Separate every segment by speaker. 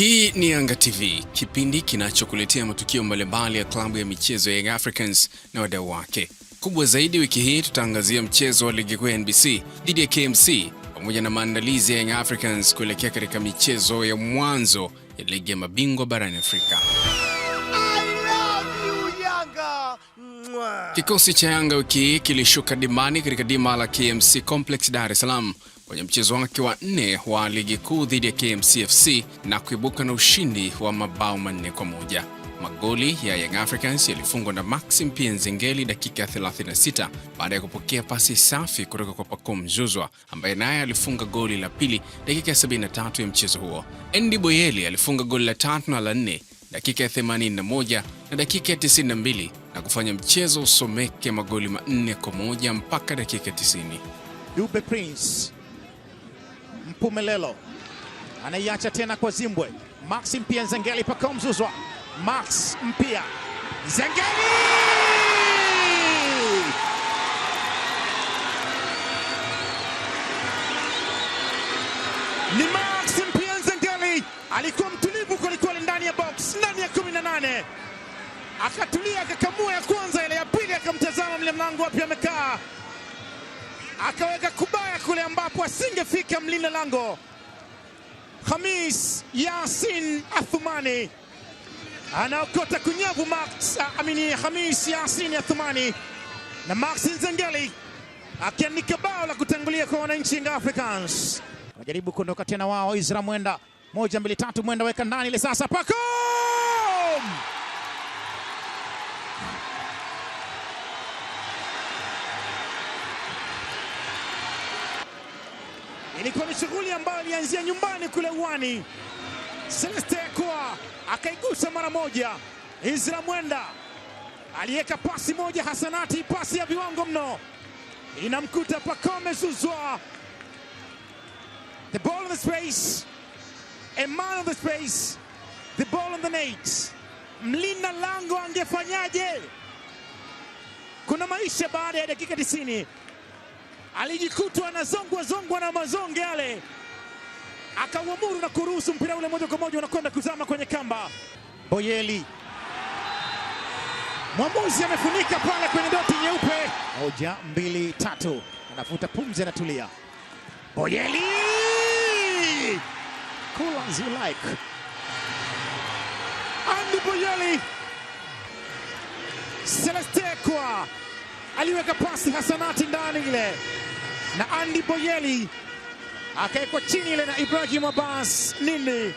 Speaker 1: Hii ni Yanga TV, kipindi kinachokuletea matukio mbalimbali ya klabu ya michezo ya Young Africans na wadau wake. Kubwa zaidi wiki hii tutaangazia mchezo wa ligi kuu ya NBC dhidi ya KMC pamoja na maandalizi ya Young Africans kuelekea katika michezo ya mwanzo ya ligi ya mabingwa barani Afrika. Kikosi cha Yanga wiki hii kilishuka dimani katika dima la KMC Complex Dar es Salaam kwenye mchezo wake wa nne wa ligi kuu dhidi ya KMCFC na kuibuka na ushindi wa mabao manne kwa moja. Magoli ya Young Africans yalifungwa na Maxim Pienzengeli dakika 36 baada ya kupokea pasi safi kutoka kwa Pacome Zouzoua ambaye naye alifunga goli la pili dakika ya 73 ya mchezo huo. Andy Boyeli alifunga goli la tatu na la nne dakika ya 81 na dakika ya 92 na kufanya mchezo usomeke magoli manne kwa moja mpaka dakika 90.
Speaker 2: Dube Prince Pumelelo anaiacha tena kwa Zimbwe. Max Mpia Nzengeli pako Max Mpia Nzengeli ni Max Mpia Nzengeli, alikuwa mtulivu kwelikweli ndani ya box, ndani ya 18 akatulia, akakamua ya kwanza ile, ya pili akamtazama mle wapi amekaa akaweka kubaya kule ambapo asingefika mlinda lango Khamis Yasin Athumani anaokota kunyavu Max, amini ah, Khamis Yasin Athumani na Max Nzengeli akiandika bao la kutangulia kwa wananchi Young Africans. wajaribu kuondoka tena wao, Isra Mwenda, moja mbili tatu, Mwenda weka ndani ile sasa, pako Ilikuwa ni shughuli ambayo ilianzia nyumbani kule uwani. Celeste Yakua akaigusa mara moja. Izra Mwenda aliweka pasi moja, hasanati, pasi ya viwango mno, inamkuta Pacome Zuzwa. The ball in the space, a man of the space, the ball on the net. Mlinda lango angefanyaje? Kuna maisha baada ya dakika 90 alijikutwa anazongwa zongwa na mazonge yale, akauamuru na kuruhusu mpira ule moja kwa moja unakwenda kuzama kwenye kamba. Boyeli mwamuzi amefunika pale kwenye doti nyeupe. Moja, mbili, tatu, anavuta pumzi, anatulia. Boyeli cool as you like. Andy Boyeli Celeste kwa aliweka pasi Hasanati ndani ile na Andy Boyeli akawekwa chini ile na Ibrahim Abbas nini,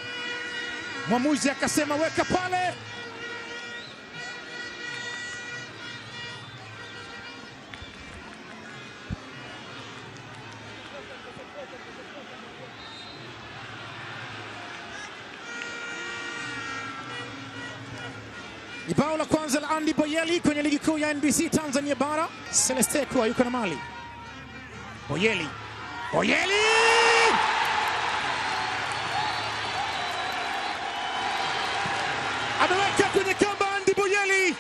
Speaker 2: mwamuzi akasema weka pale. bao la kwanza la Andy Boyeli kwenye ligi kuu ya NBC Tanzania bara. Celeste kuwa yuko na mali. Boyeli, Boyeli ameweka kwenye kamba. Andy Boyeli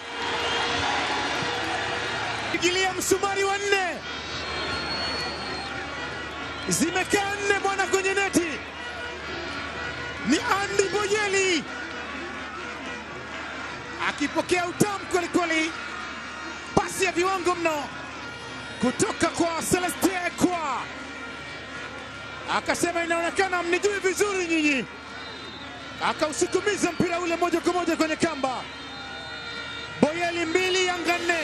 Speaker 2: pigilia msumari wa nne, zimekaa nne bwana kwenye neti, ni Andy Boyeli akipokea utamu kwelikweli, pasi ya viwango mno kutoka kwa Celestia Ekwa, akasema inaonekana mnijui vizuri nyinyi, akausukumiza mpira ule moja kwa moja kwenye kamba. Boyeli mbili Yanga nne.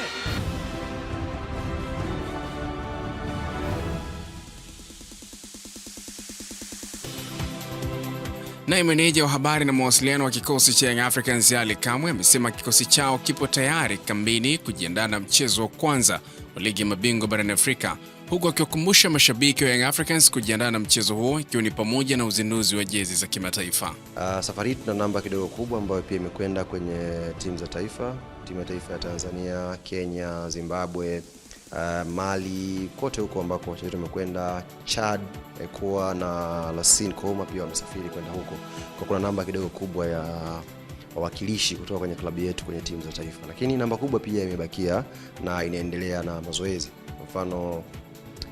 Speaker 1: Naye meneja wa habari na mawasiliano wa kikosi cha Young Africans Ali Kamwe amesema kikosi chao kipo tayari kambini kujiandaa na mchezo wa kwanza wa ligi ya mabingwa barani Afrika, huku akiwakumbusha mashabiki wa Young Africans kujiandaa na mchezo huo ikiwa ni pamoja na uzinduzi wa jezi za kimataifa.
Speaker 3: Uh, safari hii tuna namba kidogo kubwa ambayo pia imekwenda kwenye timu za taifa, timu ya taifa ya Tanzania, Kenya, Zimbabwe uh, eh, Mali kote huko ambako wachezaji wamekwenda. Chad kuwa na lasin koma pia wamesafiri kwenda huko, kwa kuna namba kidogo kubwa ya wawakilishi kutoka kwenye klabu yetu kwenye timu za taifa, lakini namba kubwa pia imebakia na inaendelea na mazoezi. Kwa mfano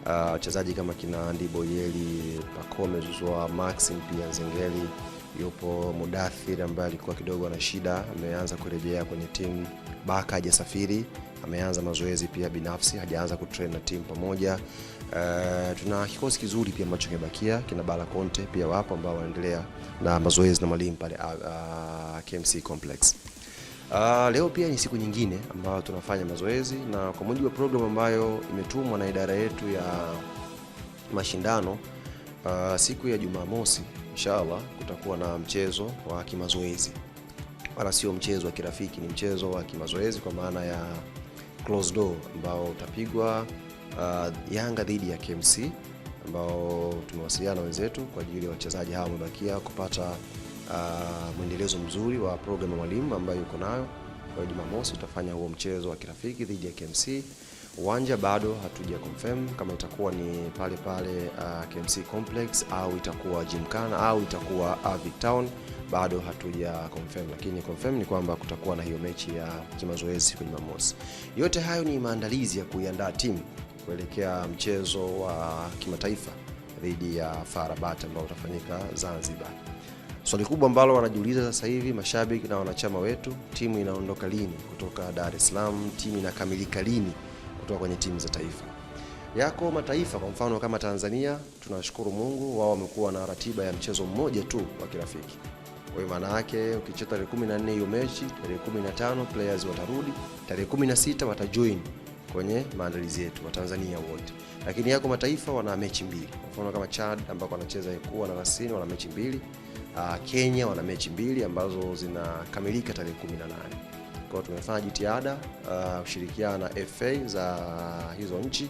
Speaker 3: eh, wachezaji uh, kama kina ndiboyeli Boyeli, Pacome Maxim pia zengeli yupo Mudathir ambaye alikuwa kidogo na shida, ameanza kurejea kwenye timu. Baka hajasafiri ameanza mazoezi pia binafsi, hajaanza kutrain na timu pamoja. Uh, tuna kikosi kizuri pia ambacho kimebakia, kina Bala Conte pia wapo ambao wanaendelea na mazoezi na mwalimu pale uh, ah, ah, KMC Complex. Uh, leo pia ni siku nyingine ambayo tunafanya mazoezi na kwa mujibu wa program ambayo imetumwa na idara yetu ya mashindano uh, siku ya Jumamosi inshallah kutakuwa na mchezo wa kimazoezi, wala sio mchezo wa kirafiki, ni mchezo wa kimazoezi kwa maana ya close door ambao utapigwa uh, Yanga dhidi ya KMC ambao tumewasiliana wenzetu kwa ajili ya wachezaji hawa wamebakia kupata uh, mwendelezo mzuri wa programu ya mwalimu ambayo yuko nayo. Kwa hiyo Jumamosi tutafanya huo mchezo wa kirafiki dhidi ya KMC. Uwanja bado hatuja confirm kama itakuwa ni pale pale uh, KMC Complex au itakuwa Gymkhana au itakuwa Avic uh, Town bado hatuja confirm, lakini confirm ni kwamba kutakuwa na hiyo mechi ya kimazoezi kwa Jumamosi. Yote hayo ni maandalizi ya kuiandaa timu kuelekea mchezo wa kimataifa dhidi ya FAR Rabat ambao utafanyika Zanzibar. Swali so, kubwa ambalo wanajiuliza sasa hivi mashabiki na wanachama wetu, timu inaondoka lini kutoka Dar es Salaam? Timu inakamilika lini kutoka kwenye timu za taifa? Yako mataifa kwa mfano kama Tanzania, tunashukuru Mungu, wao wamekuwa na ratiba ya mchezo mmoja tu wa kirafiki. Kwa hiyo maana yake ukicheza tarehe 14 hiyo mechi, tarehe 15 players watarudi, tarehe 16 watajoin kwenye maandalizi yetu wa Tanzania wote, lakini yako mataifa wana mechi mbili. Kwa mfano kama Chad ambao wanacheza na Rasini wana mechi mbili, ah, Kenya wana mechi mbili ambazo zinakamilika tarehe 18. Kwa hiyo tumefanya jitihada ah, kushirikiana na FA za hizo nchi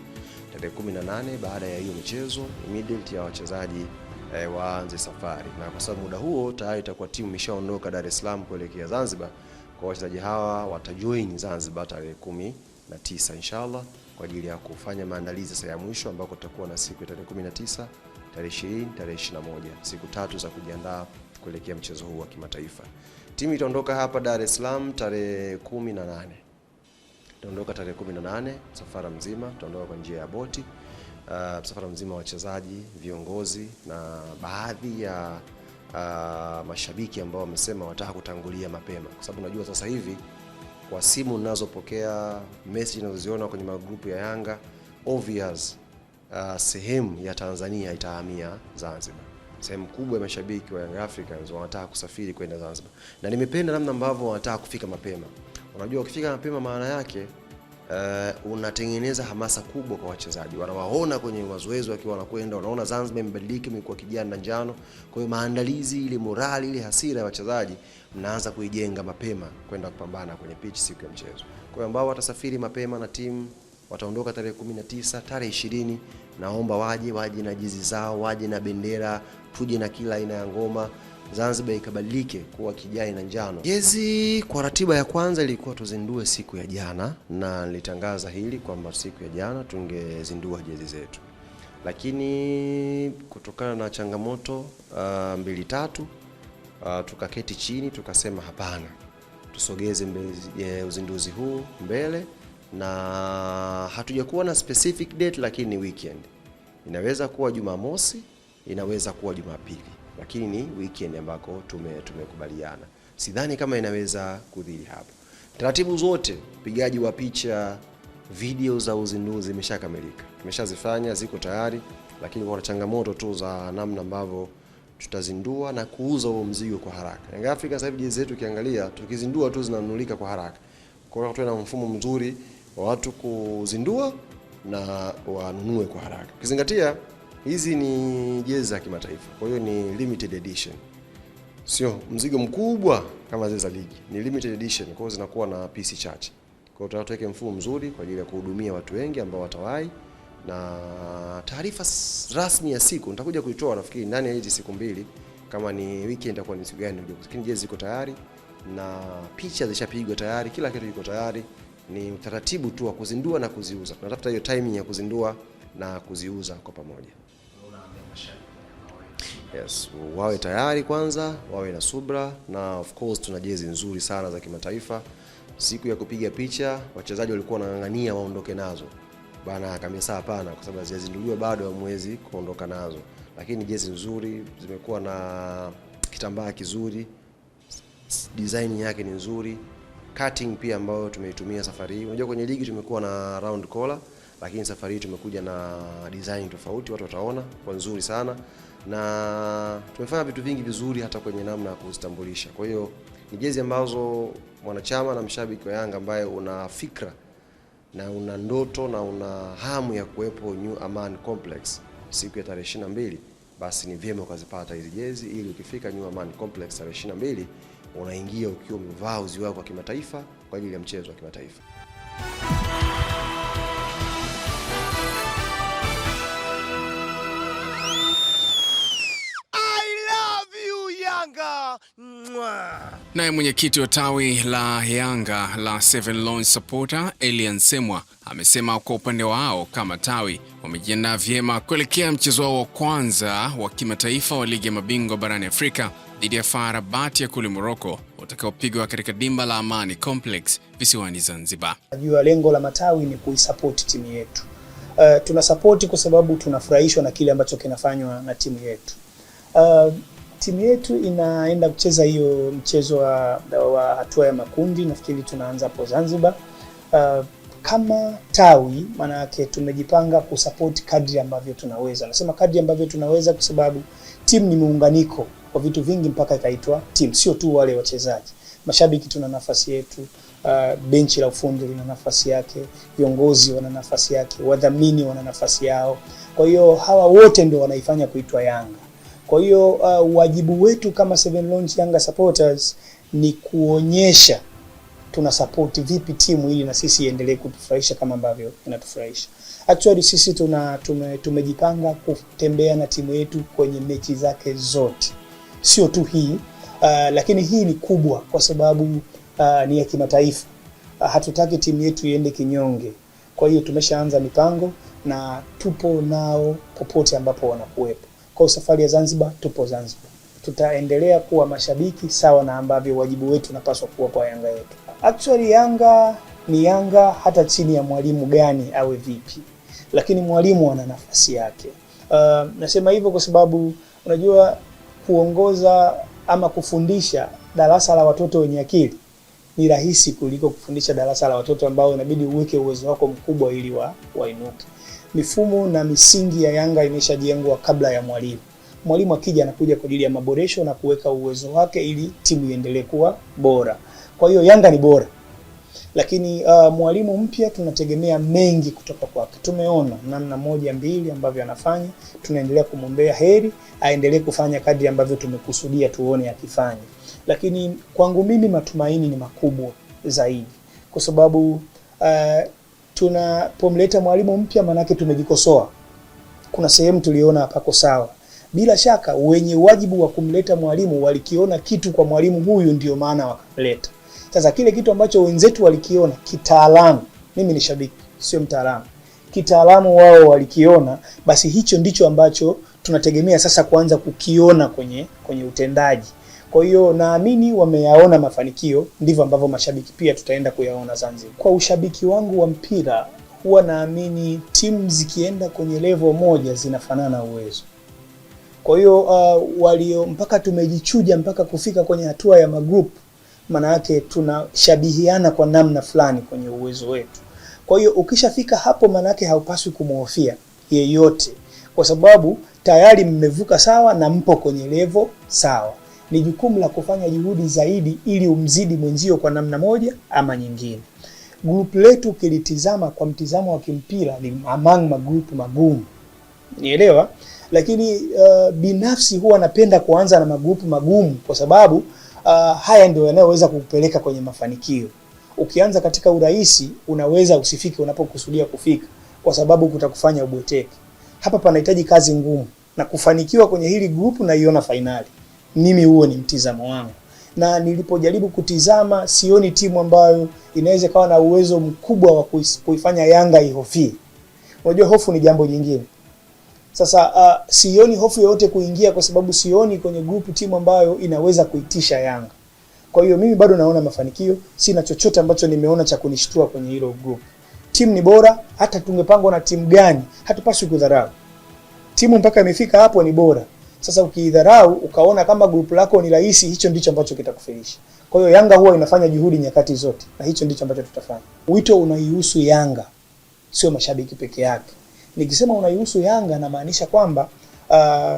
Speaker 3: tarehe 18, baada ya hiyo michezo immediate ya wachezaji eh, waanze safari, na kwa sababu muda huo tayari itakuwa timu imeshaondoka Dar es Salaam kuelekea Zanzibar, kwa wachezaji hawa watajoin Zanzibar tarehe kumi na tisa inshallah kwa ajili ya kufanya maandalizi sasa ya mwisho ambako tutakuwa na siku ya tarehe 19, tarehe 20, tarehe 21, siku tatu za kujiandaa kuelekea mchezo huu wa kimataifa. Timu itaondoka hapa Dar es Salaam tarehe 18. Itaondoka tarehe 18, safara mzima tutaondoka kwa njia ya boti uh, msafara mzima wa wachezaji, viongozi na baadhi ya uh, mashabiki ambao wamesema wataka kutangulia mapema, kwa sababu najua sasa hivi kwa simu ninazopokea, message ninazoziona kwenye magrupu ya Yanga obvious, uh, sehemu ya Tanzania itahamia Zanzibar. Sehemu kubwa ya mashabiki wa Young Africans wanataka kusafiri kwenda Zanzibar, na nimependa namna ambavyo wanataka kufika mapema. Unajua, ukifika mapema maana yake Uh, unatengeneza hamasa kubwa kwa wachezaji, wanawaona kwenye mazoezi wakiwa wanakwenda, wanaona Zanzibar imebadilika, imekuwa kijani na njano. Kwa hiyo maandalizi, ile morali, ile hasira ya wachezaji mnaanza kuijenga mapema kwenda kupambana kwenye pitch siku ya mchezo. Kwa hiyo ambao watasafiri mapema na timu wataondoka tarehe 19, tarehe 20, naomba waje, waje na jezi zao, waje na bendera, tuje na kila aina ya ngoma. Zanzibar ikabadilike kuwa kijani na njano. Jezi kwa ratiba ya kwanza ilikuwa tuzindue siku ya jana, na nilitangaza hili kwamba siku ya jana tungezindua jezi zetu, lakini kutokana na changamoto uh, mbili tatu uh, tukaketi chini tukasema hapana, tusogeze mbele, eh, uzinduzi huu mbele, na hatujakuwa na specific date, lakini weekend inaweza kuwa Jumamosi, inaweza kuwa Jumapili lakini ni weekend ambako tume tumekubaliana. Sidhani kama inaweza kudhili hapo. Taratibu zote pigaji wa picha, video za uzinduzi zimeshakamilika, tumeshazifanya ziko tayari, lakini kuna changamoto tu za namna ambavyo tutazindua na kuuza huo mzigo kwa haraka. Yanga Afrika sasa hivi jezi zetu ukiangalia, tukizindua tu zinanunulika kwa haraka. Kwa hiyo tuna mfumo mzuri wa watu kuzindua na wanunue kwa haraka ukizingatia hizi ni jezi za kimataifa, kwa hiyo ni limited edition, sio mzigo mkubwa kama zile za ligi, ni limited edition, kwa hiyo zinakuwa na pisi chache. Kwa hiyo tutaweka mfumo mzuri kwa ajili ya kuhudumia watu wengi ambao watawahi, na taarifa rasmi ya siku nitakuja kuitoa nafikiri ndani ya hizi siku mbili, kama ni weekend itakuwa ni siku gani, lakini jezi ziko tayari na picha zishapigwa tayari, kila kitu kiko tayari. Ni utaratibu tu wa kuzindua na kuziuza. Tunatafuta hiyo timing ya kuzindua na kuziuza kwa pamoja. Yes, wawe tayari kwanza, wawe na subra na of course tuna jezi nzuri sana za kimataifa. Siku ya kupiga picha wachezaji walikuwa wanang'ang'ania waondoke nazo bana, saa hapana, kwa sababu hazijazinduliwa bado, hamwezi kuondoka nazo, lakini jezi nzuri zimekuwa na kitambaa kizuri, design yake ni nzuri, cutting pia ambayo tumeitumia safari hii. Unajua kwenye ligi tumekuwa na round collar, lakini safari hii tumekuja na design tofauti, watu wataona kwa nzuri sana na tumefanya vitu vingi vizuri hata kwenye namna ya kuzitambulisha. Kwa hiyo ni jezi ambazo mwanachama na mshabiki wa Yanga ambaye una fikra na una ndoto na una hamu ya kuwepo New Aman Complex siku ya tarehe 22, basi ni vyema ukazipata hizi jezi ili ukifika New Aman Complex tarehe 22 unaingia ukiwa umevaa uzi wako wa kimataifa kwa ajili ya mchezo wa kimataifa.
Speaker 1: Naye mwenyekiti wa tawi la Yanga la Seven Lone Supporter Elian Semwa amesema kwa upande wao kama tawi wamejiandaa vyema kuelekea mchezo wao wa kwanza wa kimataifa wa ligi ya mabingwa barani Afrika dhidi ya FAR Rabat ya kule Morocco utakaopigwa katika dimba la Amani Complex visiwani Zanzibar.
Speaker 4: Najua lengo la matawi ni kuisapoti timu yetu. Uh, eh, tunasapoti kwa sababu tunafurahishwa na kile ambacho kinafanywa na timu yetu. Uh, timu yetu inaenda kucheza hiyo mchezo wa, wa hatua ya makundi, nafikiri tunaanza hapo Zanzibar. Uh, kama tawi maana yake tumejipanga kusapoti kadri ambavyo tunaweza. Nasema kadri ambavyo tunaweza kwa sababu timu ni muunganiko wa vitu vingi mpaka ikaitwa timu, sio tu wale wachezaji. Mashabiki tuna nafasi yetu, uh, benchi la ufundi lina nafasi yake, viongozi wana nafasi yake, wadhamini wana nafasi yao. Kwa hiyo hawa wote ndio wanaifanya kuitwa Yanga. Kwa hiyo uh, wajibu wetu kama Seven Lounge Yanga supporters ni kuonyesha tuna support vipi timu ili na sisi iendelee kutufurahisha kama ambavyo inatufurahisha. Actually sisi tuna tume, tumejipanga kutembea na timu yetu kwenye mechi zake zote, sio tu hii uh, lakini hii ni kubwa kwa sababu uh, ni ya kimataifa uh, hatutaki timu yetu iende kinyonge. Kwa hiyo tumeshaanza mipango na tupo nao popote ambapo wanakuwepo. Kwa safari ya Zanzibar, tupo Zanzibar, tutaendelea kuwa mashabiki sawa na ambavyo wajibu wetu unapaswa kuwa kwa Yanga yetu. Actually, Yanga ni Yanga hata chini ya mwalimu gani awe vipi, lakini mwalimu ana nafasi yake. Uh, nasema hivyo kwa sababu unajua kuongoza ama kufundisha darasa la watoto wenye akili ni rahisi kuliko kufundisha darasa la watoto ambao inabidi uweke uwezo wako mkubwa ili wa wainuke mifumo na misingi ya Yanga imeshajengwa kabla ya mwalimu. Mwalimu akija anakuja kwa ajili ya maboresho na kuweka uwezo wake ili timu iendelee kuwa bora. Kwa hiyo Yanga ni bora, lakini uh, mwalimu mpya tunategemea mengi kutoka kwake. Tumeona namna moja mbili ambavyo anafanya, tunaendelea kumwombea heri, aendelee kufanya kadri ambavyo tumekusudia tuone akifanya, lakini kwangu mimi matumaini ni makubwa zaidi kwa sababu uh, tunapomleta mwalimu mpya, maanake tumejikosoa, kuna sehemu tuliona hapako sawa. Bila shaka wenye wajibu wa kumleta mwalimu walikiona kitu kwa mwalimu huyu, ndio maana wakamleta. Sasa kile kitu ambacho wenzetu walikiona kitaalamu, mimi ni shabiki, sio mtaalamu, kitaalamu wao walikiona, basi hicho ndicho ambacho tunategemea sasa kuanza kukiona kwenye, kwenye utendaji. Kwa hiyo naamini wameyaona mafanikio, ndivyo ambavyo mashabiki pia tutaenda kuyaona Zanzibar. Kwa ushabiki wangu wa mpira, huwa naamini timu zikienda kwenye level moja zinafanana uwezo. Kwa hiyo uh, walio mpaka tumejichuja mpaka kufika kwenye hatua ya magroup, maana yake tunashabihiana kwa namna fulani kwenye uwezo wetu. Kwa hiyo ukishafika hapo, maana yake haupaswi kumhofia yeyote, kwa sababu tayari mmevuka sawa na mpo kwenye level sawa ni jukumu la kufanya juhudi zaidi ili umzidi mwenzio kwa namna moja ama nyingine. Grupu letu ukilitizama kwa mtizamo wa kimpira ni among magrupu magumu, nielewa. Lakini uh, binafsi huwa napenda kuanza na magrupu magumu kwa sababu uh, haya ndio yanayoweza kukupeleka kwenye mafanikio. Ukianza katika urahisi unaweza usifike unapokusudia kufika, kwa sababu kutakufanya ubweteke. Hapa panahitaji kazi ngumu, na kufanikiwa kwenye hili grupu naiona fainali mimi huo ni mtizamo wangu, na nilipojaribu kutizama sioni timu ambayo inaweza kawa na uwezo mkubwa wa kuifanya Yanga ihofie. Unajua hofu ni jambo jingine. Sasa uh, sioni hofu yoyote kuingia kwa sababu sioni kwenye grupu timu ambayo inaweza kuitisha Yanga. Kwa hiyo mimi bado naona mafanikio, sina chochote ambacho nimeona cha kunishtua kwenye hilo group. Timu ni bora, hata tungepangwa na timu gani hatupaswi kudharau timu. Mpaka imefika hapo ni bora. Sasa ukiidharau ukaona kama grupu lako ni rahisi, hicho ndicho ambacho kitakufilisha. Kwa hiyo Yanga huwa inafanya juhudi nyakati zote, na hicho ndicho ambacho tutafanya. Wito unaihusu Yanga, sio mashabiki peke yake. Nikisema unaihusu Yanga namaanisha kwamba uh,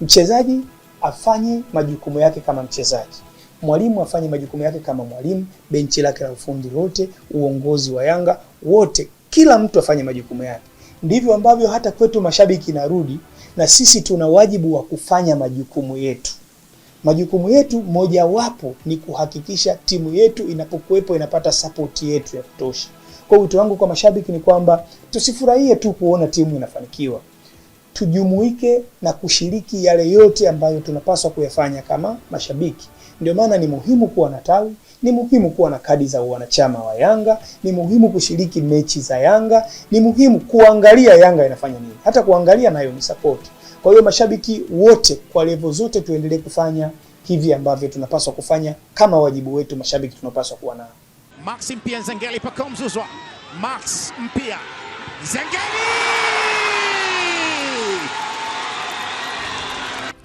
Speaker 4: mchezaji afanye majukumu yake kama mchezaji, mwalimu afanye majukumu yake kama mwalimu, benchi lake la ufundi lote, uongozi wa Yanga wote, kila mtu afanye majukumu yake. Ndivyo ambavyo hata kwetu mashabiki narudi na sisi tuna wajibu wa kufanya majukumu yetu. Majukumu yetu mojawapo ni kuhakikisha timu yetu inapokuwepo inapata sapoti yetu ya kutosha. Kwa wito wangu kwa mashabiki ni kwamba tusifurahie tu kuona timu inafanikiwa, tujumuike na kushiriki yale yote ambayo tunapaswa kuyafanya kama mashabiki. Ndio maana ni muhimu kuwa na tawi ni muhimu kuwa na kadi za wanachama wa Yanga, ni muhimu kushiriki mechi za Yanga, ni muhimu kuangalia Yanga inafanya nini. Hata kuangalia nayo ni support. Kwa hiyo mashabiki wote kwa levo zote tuendelee kufanya hivi ambavyo tunapaswa kufanya kama wajibu wetu, mashabiki tunapaswa kuwa nao.
Speaker 2: Max Mpia Zengeli, Max Mpia Zengeli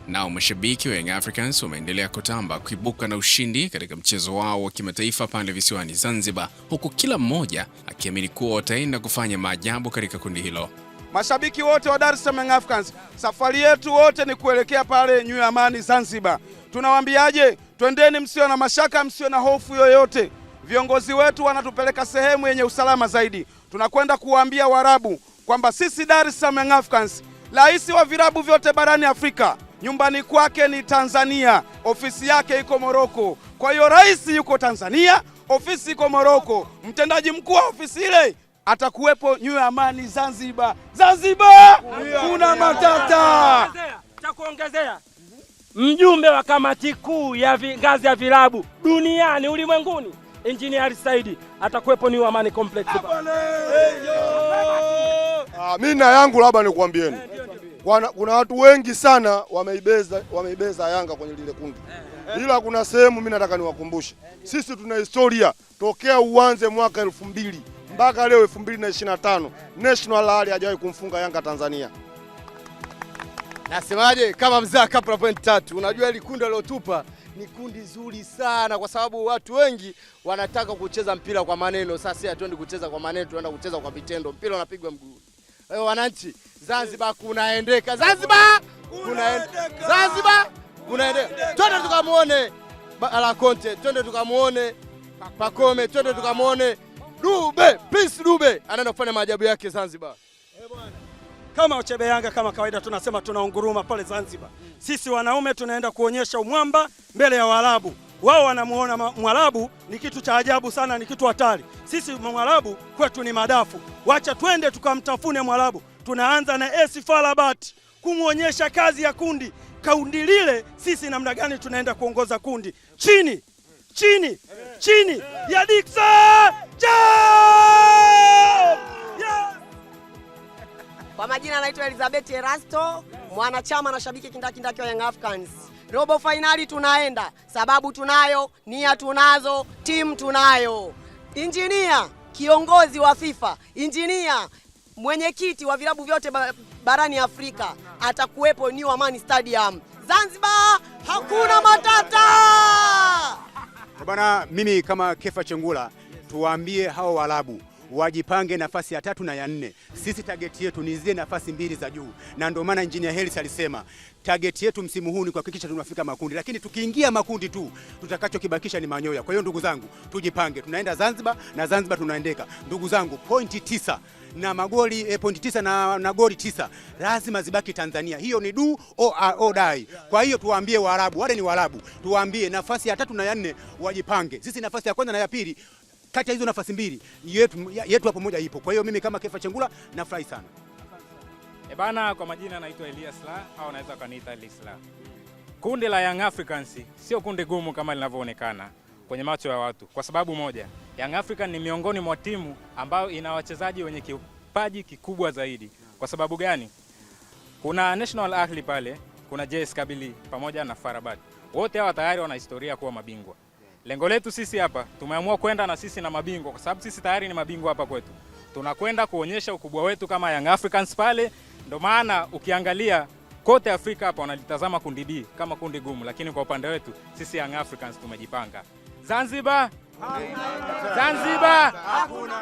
Speaker 1: Nao mashabiki wa Young Africans wameendelea kutamba kuibuka na ushindi katika mchezo wao wa kimataifa pale visiwani Zanzibar, huku kila mmoja akiamini kuwa wataenda kufanya maajabu katika kundi hilo.
Speaker 5: Mashabiki wote wa Dar es Salaam Young Africans, safari yetu wote ni kuelekea pale ya Amani Zanzibar. Tunawaambiaje? Twendeni, msio na mashaka, msio na hofu yoyote. Viongozi wetu wanatupeleka sehemu yenye usalama zaidi. Tunakwenda kuwaambia Waarabu kwamba sisi Dar es Salaam Young Africans, rais wa virabu vyote barani Afrika nyumbani kwake ni Tanzania, ofisi yake iko Moroko. Kwa hiyo rais yuko Tanzania, ofisi iko Moroko, mtendaji mkuu wa ofisi ile atakuwepo New Amani Zanzibar. Zanzibar kuna matata. Cha kuongezea
Speaker 6: mjumbe wa kamati kuu ya ngazi ya vilabu duniani ulimwenguni Engineer Saidi atakuwepo New Amani Complex.
Speaker 7: Amina yangu labda nikuambieni kuna watu wengi sana wameibeza, wameibeza Yanga kwenye lile kundi, eh, eh. ila kuna sehemu mimi nataka niwakumbushe, sisi tuna historia tokea uanze mwaka elfu mbili mpaka leo elfu mbili na ishirini na tano National hali hajawahi kumfunga Yanga Tanzania.
Speaker 8: Nasemaje kama mzaa kapra point tatu. Unajua ile kundi aliotupa ni kundi zuri sana, kwa sababu watu wengi wanataka kucheza mpira kwa maneno. Sasa hatuendi kucheza kwa maneno, tunaenda kucheza kwa vitendo. Mpira unapigwa mguu eh, wananchi Zanzibar kunaendeka, Zanzibar kunaendeka, Zanzibar kunaendeka. Twende tukamwone Ala Conte, twende tukamwone Pakome, twende tukamwone Dube, Prince Dube anaenda kufanya maajabu yake Zanzibar. Eh,
Speaker 9: kama uchebe Yanga, kama kawaida tunasema tunaunguruma pale Zanzibar. Sisi wanaume tunaenda kuonyesha umwamba mbele ya Waarabu wao wanamuona Mwarabu ni kitu cha ajabu sana, ni kitu hatari. Sisi Mwarabu kwetu ni madafu, wacha twende tukamtafune Mwarabu. Tunaanza na AC Farabat kumwonyesha kazi ya kundi kaundi lile, sisi namna gani tunaenda kuongoza kundi chini chini chini ya Dickson Job.
Speaker 10: Kwa majina anaitwa Elizabeth Erasto, mwanachama na shabiki kindakindaki wa Young Africans. Robo fainali tunaenda, sababu tunayo, nia tunazo, timu tunayo. Injinia kiongozi wa FIFA, injinia mwenyekiti wa vilabu vyote barani Afrika atakuwepo New Amani Stadium Zanzibar, hakuna matata
Speaker 11: bwana. Mimi kama Kefa Chengula tuwaambie hao Waarabu wajipange nafasi ya tatu na ya nne. Sisi tageti yetu ni zile nafasi mbili za juu, na ndio maana Engineer Hersi alisema tageti yetu msimu huu ni kuhakikisha tunafika makundi, lakini tukiingia makundi tu tutakachokibakisha ni manyoya. Kwa hiyo ndugu zangu, tujipange, tunaenda Zanzibar na Zanzibar tunaendeka. Ndugu zangu, pointi tisa na magoli eh, pointi tisa na, na goli tisa lazima zibaki Tanzania. Hiyo ni du or, o dai. Kwa hiyo tuwaambie Waarabu, wale ni Waarabu, tuwaambie nafasi ya tatu na ya nne wajipange. Sisi nafasi ya kwanza na ya pili kati ya hizo nafasi mbili yetu, yetu hapo moja ipo. Kwa hiyo mimi kama Kefa Chengula nafurahi sana.
Speaker 12: E bana, kwa majina naitwa Elias La au naweza kaniita Lisla. Kundi la Young Africans sio kundi gumu kama linavyoonekana kwenye macho ya watu, kwa sababu moja, Young African ni miongoni mwa timu ambayo ina wachezaji wenye kipaji kikubwa zaidi. Kwa sababu gani? Kuna National Ahli pale, kuna JS Kabili pamoja na Farabad, wote hawa tayari wana historia kuwa mabingwa Lengo letu sisi hapa tumeamua kwenda na sisi na mabingwa, kwa sababu sisi tayari ni mabingwa hapa kwetu. Tunakwenda kuonyesha ukubwa wetu kama Young Africans pale. Ndio maana ukiangalia kote Afrika hapa wanalitazama kundi D kama kundi gumu, lakini kwa upande wetu sisi Young Africans tumejipanga. Zanzibar, Zanzibar hakuna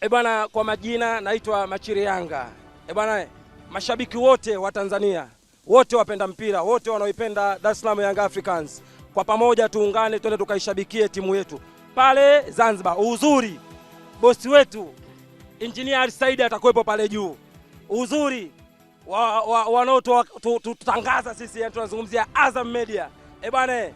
Speaker 13: eh bwana, kwa majina naitwa Machiri Yanga. E bwana, mashabiki wote wa Tanzania wote wapenda mpira wote wanaoipenda Dar es Salaam Young Africans kwa pamoja tuungane, twende tukaishabikie timu yetu pale Zanzibar. Uzuri bosi wetu Engineer Saidi atakuwepo pale juu. Uzuri wanaotutangaza sisi, yani tunazungumzia Azam Media. e bwana,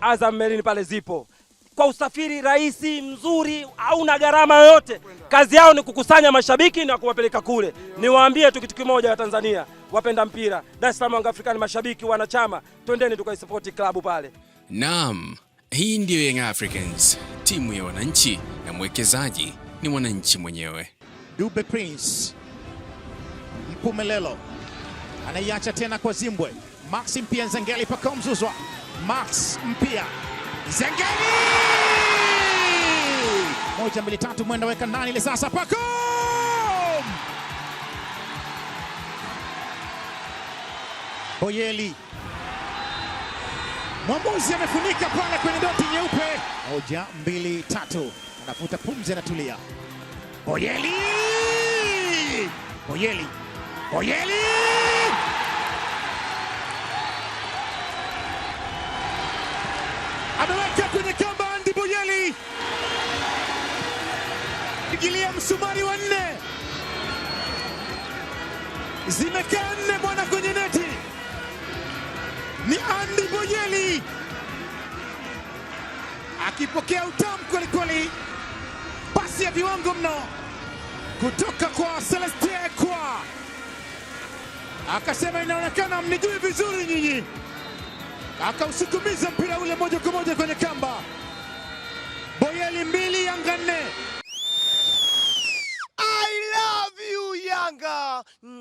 Speaker 13: Azam Media pale zipo kwa usafiri rahisi mzuri, na gharama yoyote. Kazi yao ni kukusanya mashabiki na kuwapeleka kule. Niwaambie tu kitu kimoja, wa Tanzania wapenda mpira, Dar es Salaam, Yanga Afrika, ni mashabiki wanachama, twendeni tukaisapoti klabu pale.
Speaker 1: Naam, hii ndiyo Young Africans, timu ya wananchi na mwekezaji ni mwananchi mwenyewe.
Speaker 2: Dube Prince Mpumelelo anaiacha tena kwa Zimbwe. Max Mpia Nzengeli paka mzuzwa. Max Mpia Nzengeli, moja mbili tatu, mwenda weka ndani ile sasa, paka Boyeli Mwamuzi amefunika pale kwenye doti nyeupe. Moja, mbili, tatu, anavuta pumzi, anatulia. Boyeli, Boyeli, Boyeli! Ameweka kwenye kamba Andy Boyeli, gilia msumari wa nne, zimekaa nne bwana kwenye neti ni Andy Bonyeli akipokea utamu kwelikweli, pasi ya viwango mno kutoka kwa Celestia Ekwa, akasema inaonekana mnijui vizuri nyinyi, akausukumiza mpira ule moja kwa moja kwenye kamba. Boyeli mbili Yanga nne. I love you Yanga.